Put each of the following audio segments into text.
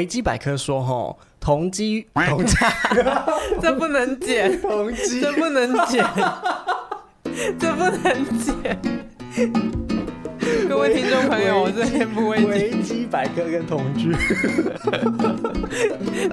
維基百科說，吼同居同價， 這不能剪，同居級這不能剪， 這不能剪。 能維各位聽眾朋友，我是天不會維基，維基百科跟同居，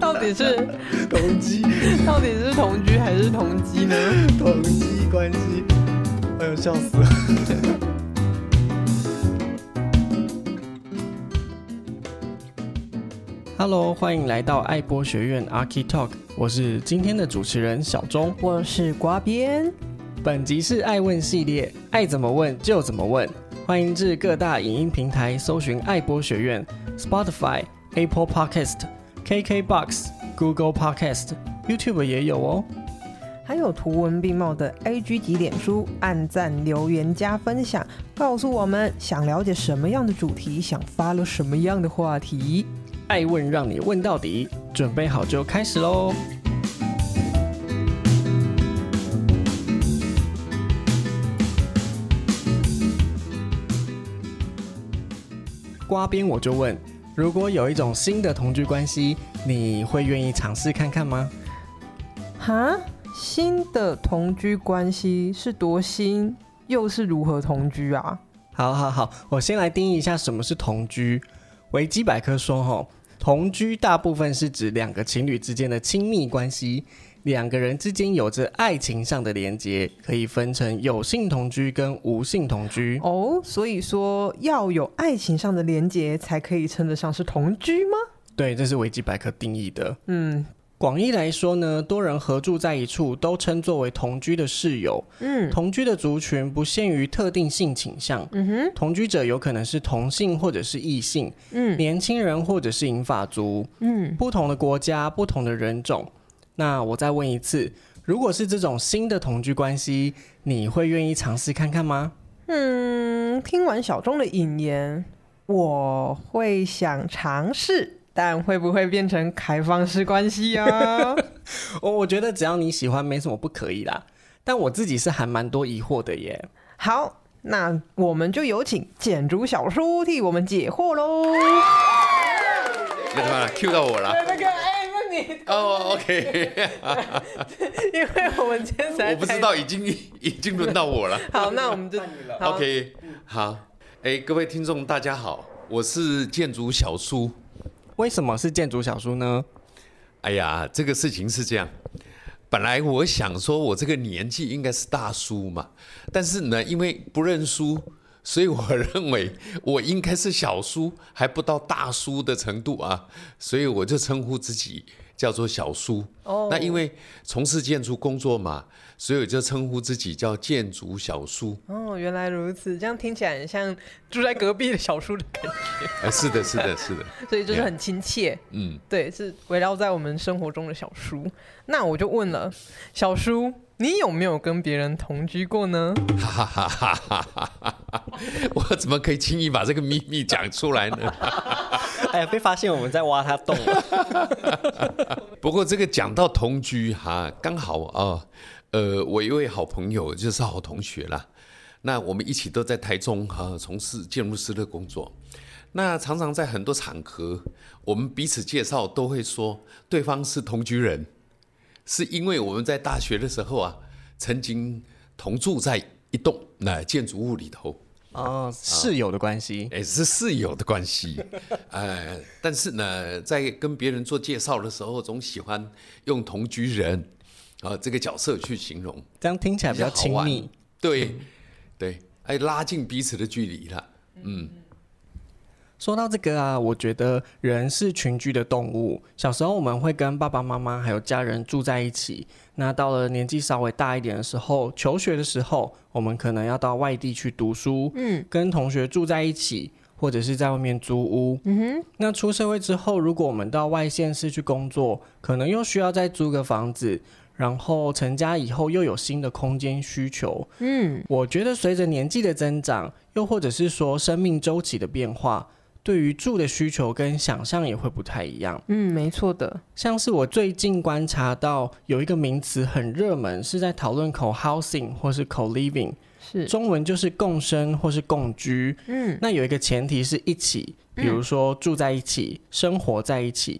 到底是同居，到底是同居還是同雞呢？同居關係，哎呦，笑死了。 Hello，歡迎來到愛播學院 Aki Talk，我是今天的主持人小鍾，我是呱編。本集是愛問系列，愛怎麼問就怎麼問。歡迎至各大影音平台搜尋愛播學院，Spotify、Apple Podcast、KK Box、Google Podcast、YouTube 也有哦。還有圖文並茂的 A G 級臉書，按讚、留言、加分享，告訴我們想了解什麼樣的主題，想發了什麼樣的話題。愛問讓你問到底，準備好就開始嘍。呱編，我就問：如果有一種新的同居關係，你會願意嘗試看看嗎？哈、啊，新的同居關係是多新，又是如何同居啊？好好好，我先來定義一下什麼是同居。維基百科說、哦同居大部分是指兩個情侶之間的親密關係，兩個人之間有着愛情上的連接，可以分成有性同居跟無性同居。哦，oh, 所以說要有愛情上的連接才可以稱得上是同居嗎？對，這是維基百科定義的。嗯。廣義來說呢，多人合住在一處，都稱作為同居的室友。嗯，同居的族群不限於特定性傾向。嗯哼，同居者有可能是同性或者是異性。嗯，年輕人或者是銀髮族。嗯，不同的國家、不同的人種。那我再問一次，如果是這種新的同居關係，你會願意嘗試看看嗎？嗯，聽完小鍾的引言，我會想嘗試。但會不會變成開放式關係啊？我覺得只要你喜歡，沒什麼不可以啦。但我自己是還蠻多疑惑的耶。好，那我們就有請建築小叔替我們解惑嘍。Q 到我了？Yeah! 那個哎，問你哦，OK。因為我們今天我不知道已經已經輪到我了。 好，那我們就 OK。好，哎，OK。嗯欸，各位聽眾大家好，我是建築小叔。為什麼是建築小叔呢？哎呀，這個事情是這樣，本來我想說，我這個年紀應該是大叔嘛，但是呢，因為不認輸，所以我認為我應該是小叔，還不到大叔的程度啊，所以我就稱呼自己。叫做小叔，oh, 那因為從事建築工作嘛，所以我就稱呼自己叫建築小叔。哦，原來如此，這樣聽起來很像住在隔壁的小叔的感覺。 是的，是的，是的，所以就是很親切。嗯，Yeah. 對，是圍繞在我們生活中的小叔。嗯，那我就問了，小叔，你有沒有跟別人同居過呢？哈哈哈哈哈哈哈哈！我怎麼可以輕易把這個秘密講出來呢？ 哎呀，被發現我們在挖他洞了。 不過這個講到同居哈，剛好啊，呃，我一位好朋友就是我同學啦，那我們一起都在台中哈，從事建築師的工作。那常常在很多場合，我們彼此介紹都會說對方是同居人，是因為我們在大學的時候啊，曾經同住在一棟那建築物裡頭。哦，oh, 室友的關係，哎、嗯欸，是室友的關係，哎、 呃，但是呢，在跟別人做介紹的時候，總喜歡用同居人，啊、呃，這個角色去形容，這樣聽起來比較親密，對，對，哎，拉近彼此的距離了，嗯。 說到這個啊，我覺得人是群居的動物。小時候我們會跟爸爸媽媽還有家人住在一起。那到了年紀稍微大一點的時候，求學的時候，我們可能要到外地去讀書，嗯，跟同學住在一起，或者是在外面租屋。嗯哼。那出社會之後，如果我們到外縣市去工作，可能又需要再租個房子。然後成家以後，又有新的空間需求。嗯，我覺得隨着年紀的增長，又或者是說生命週期的變化。對於住的需求跟想象也會不太一樣，嗯，沒錯的。像是我最近觀察到有一個名詞很熱門，是在討論 co-housing 或是 co-living，是中文就是共生或是共居，嗯，那有一個前提是一起，比如說住在一起，嗯、生活在一起。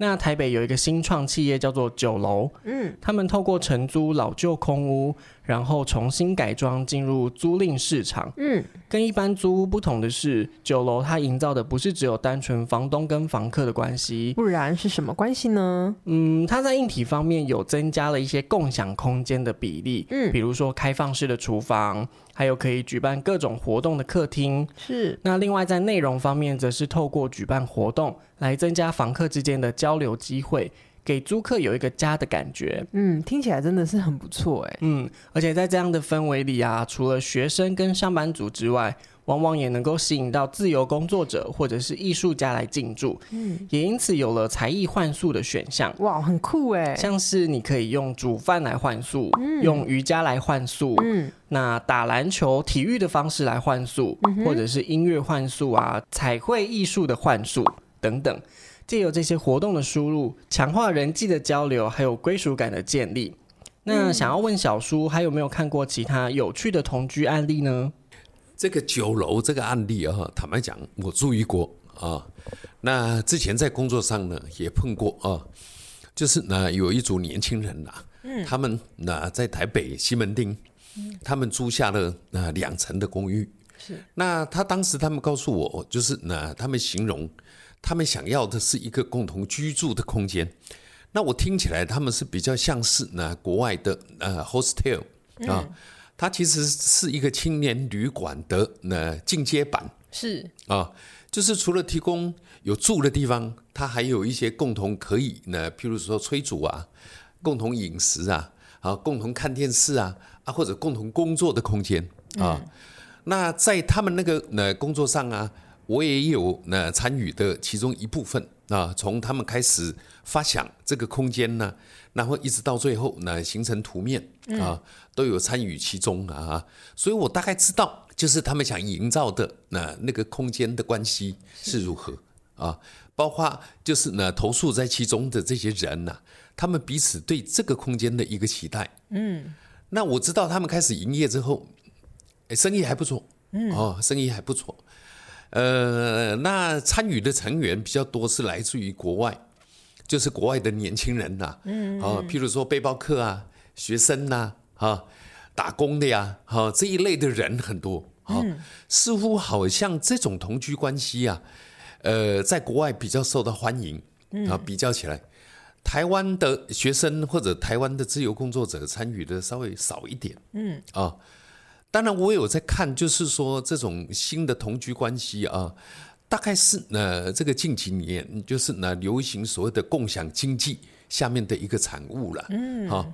那台北有一個新創企業叫做玖樓，嗯，他們透過承租老舊空屋，然後重新改裝進入租賃市場，嗯。跟一般租屋不同的是，玖樓它營造的不是只有單純房東跟房客的關係，不然是什麼關係呢？嗯，它在硬體方面有增加了一些共享空間的比例，嗯，比如說開放式的廚房，還有可以舉辦各種活動的客廳。是。那另外在內容方面，則是透過舉辦活動來增加房客之間的交流機會。給租客有一個家的感覺，嗯，聽起來真的是很不錯誒，嗯，而且在這樣的氛圍裡啊，除了學生跟上班族之外，往往也能夠吸引到自由工作者或者是藝術家來進駐，嗯，也因此有了才藝換宿的選項。哇，很酷哎！像是你可以用煮飯來換宿，嗯，用瑜伽來換宿，嗯，那打籃球、體育的方式來換宿，嗯哼，或者是音樂換宿啊，彩繪藝術的換宿等等。借由這些活動的輸入，強化人際的交流，還有歸屬感的建立。那想要問小叔，嗯、還有沒有看過其他有趣的同居案例呢？這個九樓這個案例啊，坦白講，我注意過啊。那之前在工作上呢，也碰過啊。就是呢，有一組年輕人吶、啊，嗯，他們那在台北西門町，嗯、他們租下了那兩層的公寓，是。那他當時他們告訴我，就是呢，他們形容。他們想要的是一個共同居住的空間。那我聽起來，他們是比較像是那國外的呃 hostel 啊，它其實是一個青年旅館的那進階版。是啊，就是除了提供有住的地方，它還有一些共同可以呢，譬如說炊煮啊，共同飲食啊，啊，共同看電視啊，啊，或者共同工作的空間啊。那在他們那個呢工作上啊。我也有那參與的其中一部分啊，從他們開始發想這個空間呢，然後一直到最後呢，形成圖面啊，都有參與其中啊，嗯、所以我大概知道就是他們想營造的那那個空間的關係是如何啊，是包括就是呢，投宿在其中的這些人吶，他們彼此對這個空間的一個期待，嗯，那我知道他們開始營業之後，生意還不錯，哦，生意還不錯。呃，那參與的成員比較多是來自於國外，就是國外的年輕人吶，啊，譬如說背包客啊、學生吶、啊、啊打工的呀、啊，哈這一類的人很多，哈，似乎好像這種同居關係啊，呃，在國外比較受到歡迎，啊，比較起來，台灣的學生或者台灣的自由工作者參與的稍微少一點，嗯、呃，啊。當然，我有在看，就是說這種新的同居關係啊，大概是呢這個近幾年就是呢流行所謂的共享經濟下面的一個產物了。嗯，好，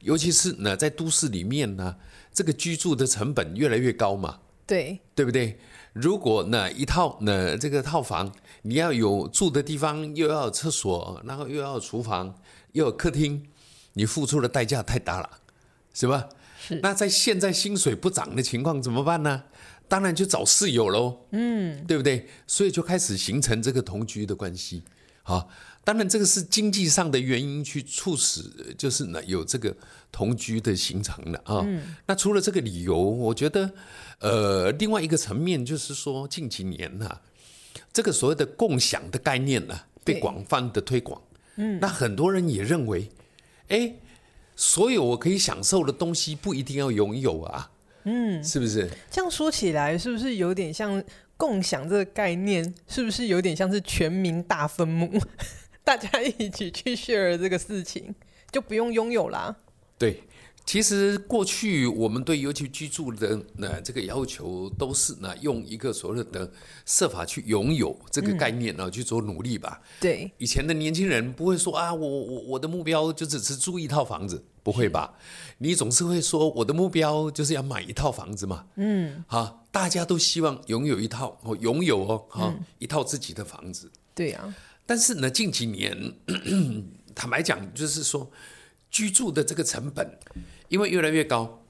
尤其是呢在都市裡面呢，這個居住的成本越來越高嘛。對，對不對？如果呢一套呢這個套房，你要有住的地方，又要有廁所，然後又要有廚房，又有客廳，你付出的代價太大了，是吧？是那在現在薪水不漲的情況怎麼辦呢？當然就找室友嘍，嗯，對不對？所以就開始形成這個同居的關係，好，當然這個是經濟上的原因去促使，就是呢有這個同居的形成的啊。嗯、那除了這個理由，我覺得，呃，另外一個層面就是說，近幾年呢、啊，這個所謂的共享的概念呢、啊，對被廣泛的推廣，嗯，那很多人也認為，哎。所有我可以享受的東西，不一定要擁有啊，嗯，是不是？這樣說起來，是不是有點像共享這個概念？是不是有點像是全民大分母，大家一起去 share 這個事情，就不用擁有啦啊？對。其實過去我們對尤其居住的呢，這個要求都是呢，用一個所謂的設法去擁有這個概念呢去做努力吧。對，以前的年輕人不會說啊，我我我的目標就是只是租一套房子，不會吧？你總是會說我的目標就是要買一套房子嘛。嗯，哈，大家都希望擁有一套哦，擁有哦，哈，一套自己的房子。對呀，但是呢，近幾年坦白講，就是說。居住的這個成本，因為越來越高，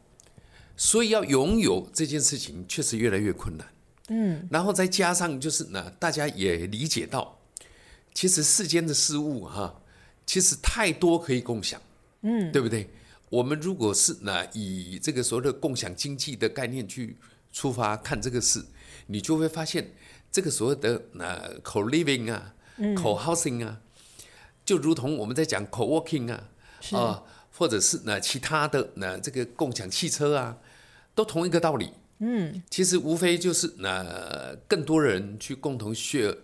所以要擁有這件事情確實越來越困難。嗯，然後再加上就是呢，大家也理解到，其實世間的事物哈，其實太多可以共享。嗯，對不對？我們如果是呢，以這個所謂的共享經濟的概念去出發看這個事，你就會發現這個所謂的那 co-living 啊，嗯，co-housing 啊，就如同我們在講 co-working 啊。啊，是或者是那其他的呢，這個共享汽車啊，都同一個道理。嗯，其實無非就是那更多人去共同 share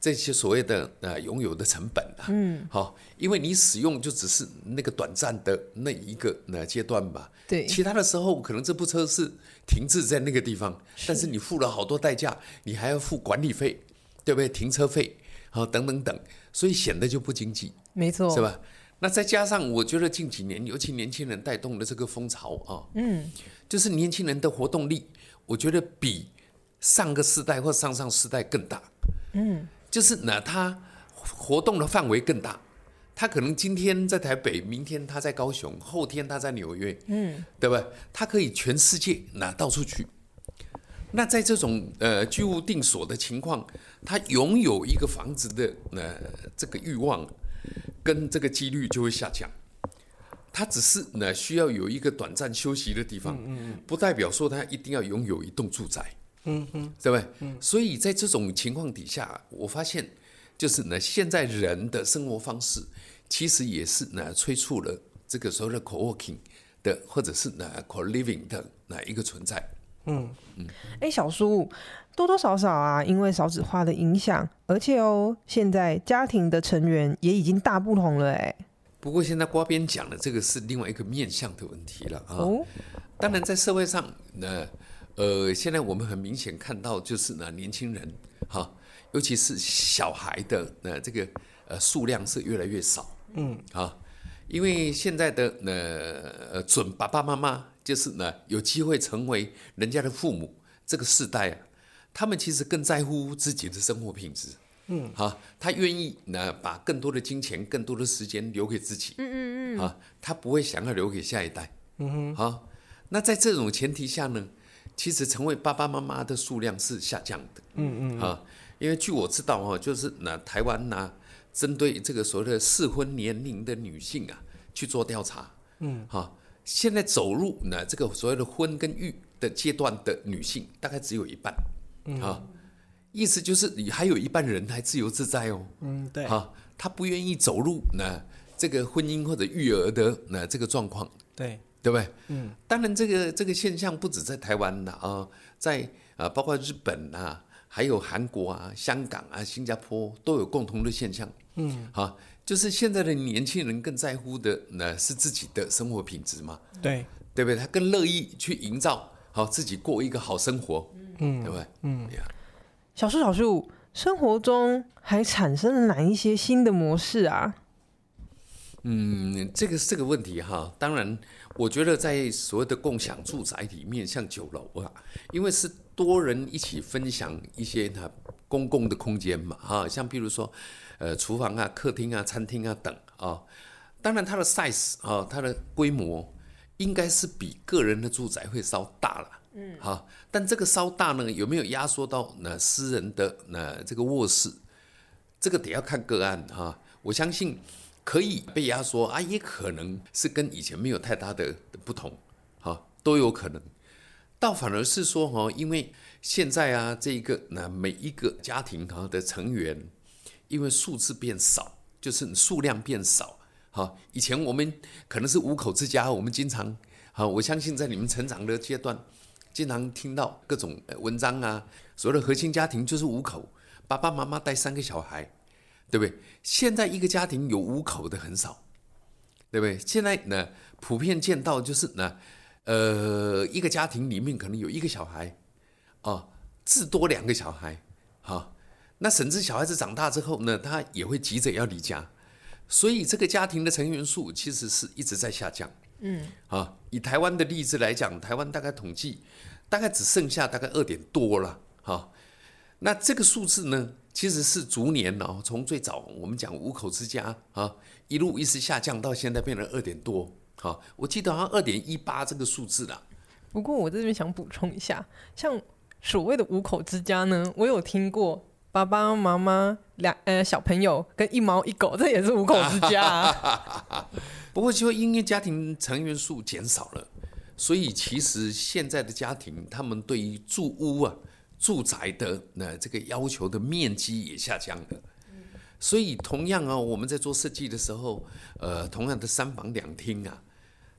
這些所謂的呃擁有的成本啊。嗯，好，因為你使用就只是那個短暫的那一個那階段吧。對，其他的時候可能這部車是停滯在那個地方，是但是你付了好多代價，你還要付管理費，對不對？停車費，好等等等，所以顯得就不經濟。沒錯，是吧？那再加上，我覺得近幾年，尤其年輕人帶動的這個風潮啊，嗯，就是年輕人的活動力，我覺得比上個世代或上上世代更大，嗯，就是那他活動的範圍更大，他可能今天在台北，明天他在高雄，後天他在紐約，嗯，對不？他可以全世界那到處去。那在這種呃居無定所的情況，他擁有一個房子的呃這個慾望。跟這個幾率就會下降，他只是呢需要有一個短暫休息的地方，嗯，不代表說他一定要擁有一棟住宅，嗯哼，嗯，對不對？嗯，所以在這種情況底下，我發現就是呢，現在人的生活方式其實也是呢催促了這個時候的 co-working 的或者是呢 co-living 的哪一個存在。嗯嗯，哎、欸，小叔多多少少啊，因為少子化的影響，而且哦，現在家庭的成員也已經大不同了哎、欸。不過現在呱編講的這個是另外一個面向的問題了啊。哦，當然在社會上，呢、呃，呃，現在我們很明顯看到，就是呢，年輕人哈、呃，尤其是小孩的那、呃、這個呃數量是越來越少。嗯，啊、呃，因為現在的呃，準爸爸媽媽。就是呢，有機會成為人家的父母，這個世代啊，他們其實更在乎自己的生活品質，嗯，哈、啊，他願意呢把更多的金錢、更多的時間留給自己，嗯嗯嗯，啊，他不會想要留給下一代，嗯哼，啊，那在這種前提下呢，其實成為爸爸媽媽的數量是下降的，嗯，嗯嗯，啊，因為據我知道哈、啊，就是那台灣呢，針對、啊、這個所謂的適婚年齡的女性啊去做調查，嗯，哈、啊。現在走入呢，這個所謂的婚跟育的階段的女性，大概只有一半、嗯，啊，意思就是，還有一半人還自由自在哦。嗯，對，哈、啊，她不願意走入呢，這個婚姻或者育兒的那這個狀況，對，對不吧對？嗯，當然，這個這個現象不止在台灣呢啊，在啊，包括日本啊，還有韓國啊、香港啊、新加坡都有共同的現象。嗯，好、啊。就是現在的年輕人更在乎的呢，是自己的生活品質嘛？對，對不對？他更樂意去營造好自己過一個好生活，嗯，對不對？嗯，Yeah 小叔，小叔，生活中還產生了哪一些新的模式啊？嗯，這個這個問題哈，當然，我覺得在所謂的共享住宅裡面，像酒樓啊，因為是多人一起分享一些哈公共的空間嘛，啊，像譬如說。呃，廚房啊，客廳啊，餐廳啊等啊、哦，當然它的 size 啊、哦，它的規模應該是比個人的住宅會稍大了，嗯，哈、哦。但這個稍大呢，有沒有壓縮到那私人的那這個臥室？這個得要看個案哈、哦。我相信可以被壓縮啊，也可能是跟以前沒有太大的不同，哈、哦，都有可能。倒反而是說哈、哦，因為現在啊，這一個那每一個家庭哈的成員。因為數字變少，就是數量變少。哈，以前我們可能是五口之家，我們經常，哈，我相信在你們成長的階段，經常聽到各種文章啊，所謂的核心家庭就是五口，爸爸媽媽帶三個小孩，對不對？現在一個家庭有五口的很少，對不對？現在呢，普遍見到就是呢，呃，一個家庭裡面可能有一個小孩，啊、哦，至多兩個小孩，哈、哦。那甚至小孩子長大之後呢，他也會急着要離家，所以這個家庭的成員數其實是一直在下降。嗯，啊，以台灣的例子來講，台灣大概統計，大概只剩下大概二點多了。哈，那這個數字呢，其實是逐年哦，從最早我們講五口之家啊，一路一直下降到現在變成二點多。哈，我記得好像二點一八這個數字啦。不過我這邊想補充一下，像所謂的五口之家呢，我有聽過。.爸爸媽媽兩呃，小朋友跟一貓一狗，這也是五口之家。啊啊哈哈哈哈。不過就因為家庭成員數減少了，所以其實現在的家庭他們對於住屋啊、住宅的呃，這個要求的面積也下降了。所以同樣啊，我們在做設計的時候，呃，同樣的三房兩廳啊，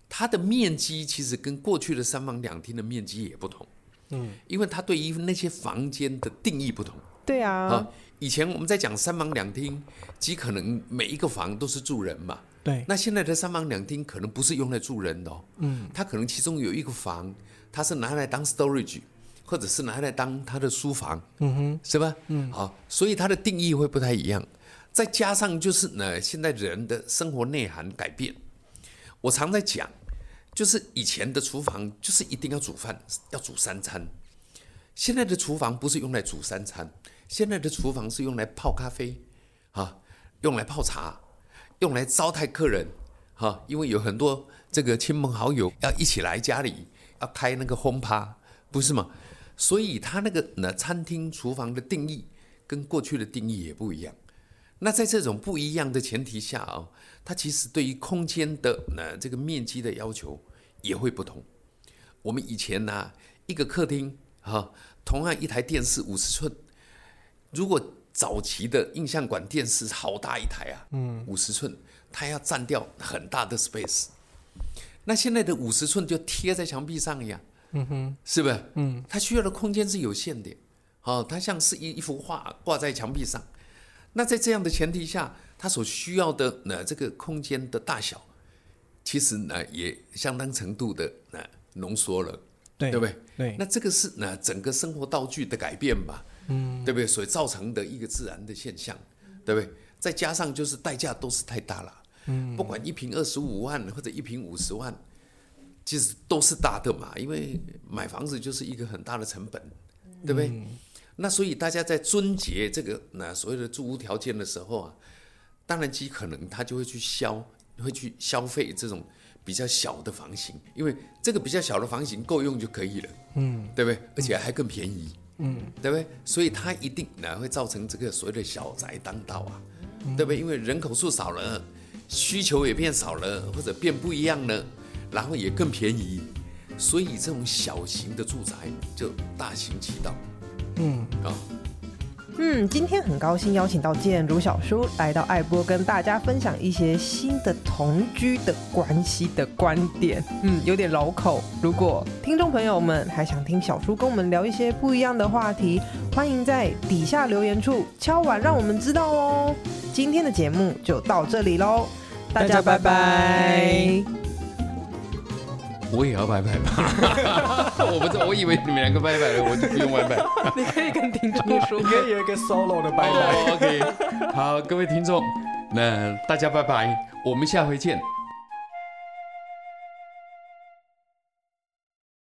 它的面積其實跟過去的三房兩廳的面積也不同。嗯，因為他對於那些房間的定義不同。對啊，以前我們在講三房兩廳，即可能每一個房都是住人嘛。對，那現在的三房兩廳可能不是用來住人的哦。嗯，他可能其中有一個房，他是拿來當 storage，或者是拿來當他的書房，嗯哼，是吧？嗯，好，所以他的定義會不太一樣。再加上就是呢，現在人的生活內涵改變，我常在講，就是以前的廚房就是一定要煮飯，要煮三餐，現在的廚房不是用來煮三餐。現在的廚房是用來泡咖啡，哈，用來泡茶，用來招待客人，哈，因為有很多這個親朋好友要一起來家裡要開那個轟趴，不是嗎？所以它那個呢，餐廳廚房的定義跟過去的定義也不一樣。那在這種不一樣的前提下啊，它其實對於空間的呢，這個面積的要求也會不同。我們以前呢，啊，一個客廳哈，同樣一台電視五十寸，如果早期的印象館電視好大一台啊，嗯、五十寸，它要占掉很大的 space。那現在的五十寸就貼在牆壁上一樣，是不是？它需要的空間是有限的，哦，它像是一一幅畫掛在牆壁上。那在這樣的前提下，它所需要的那這個空間的大小，其實呢也相當程度的濃縮了，對，對不對？對，那這個是呢，整個生活道具的改變吧。嗯、對不對？所以造成的一個自然的現象，對不對？再加上就是代價都是太大了、啊，嗯，不管一平二十五萬或者一平五十萬，其實都是大的嘛。因為買房子就是一個很大的成本，對不對？嗯、那所以大家在撙節這個那所謂的住屋條件的時候啊，當然極可能他就會去消，會去消費這種比較小的房型，因為這個比較小的房型夠用就可以了，嗯，對不對？而且還更便宜。嗯嗯，對不對？所以它一定呢會造成這個所謂的小宅當道啊，嗯、對不對？因為人口數少了，需求也變少了，或者變不一樣了，然後也更便宜，所以這種小型的住宅就大行其道。嗯，好、嗯。嗯，今天很高興邀請到建築小叔來到愛播，跟大家分享一些新的同居的關係的觀點。嗯，有點繞口。如果聽眾朋友們還想聽小叔跟我們聊一些不一樣的話題，歡迎在底下留言處敲碗，讓我們知道哦。今天的節目就到這裡嘍，大家拜拜。我也要拜拜吧， 我不知道，我以為你們兩個拜拜了，我就不用拜拜。 你可以跟聽眾說， 可以有一個 solo 的拜拜。 oh, OK，好，各位聽眾，那大家拜拜，我們下回見。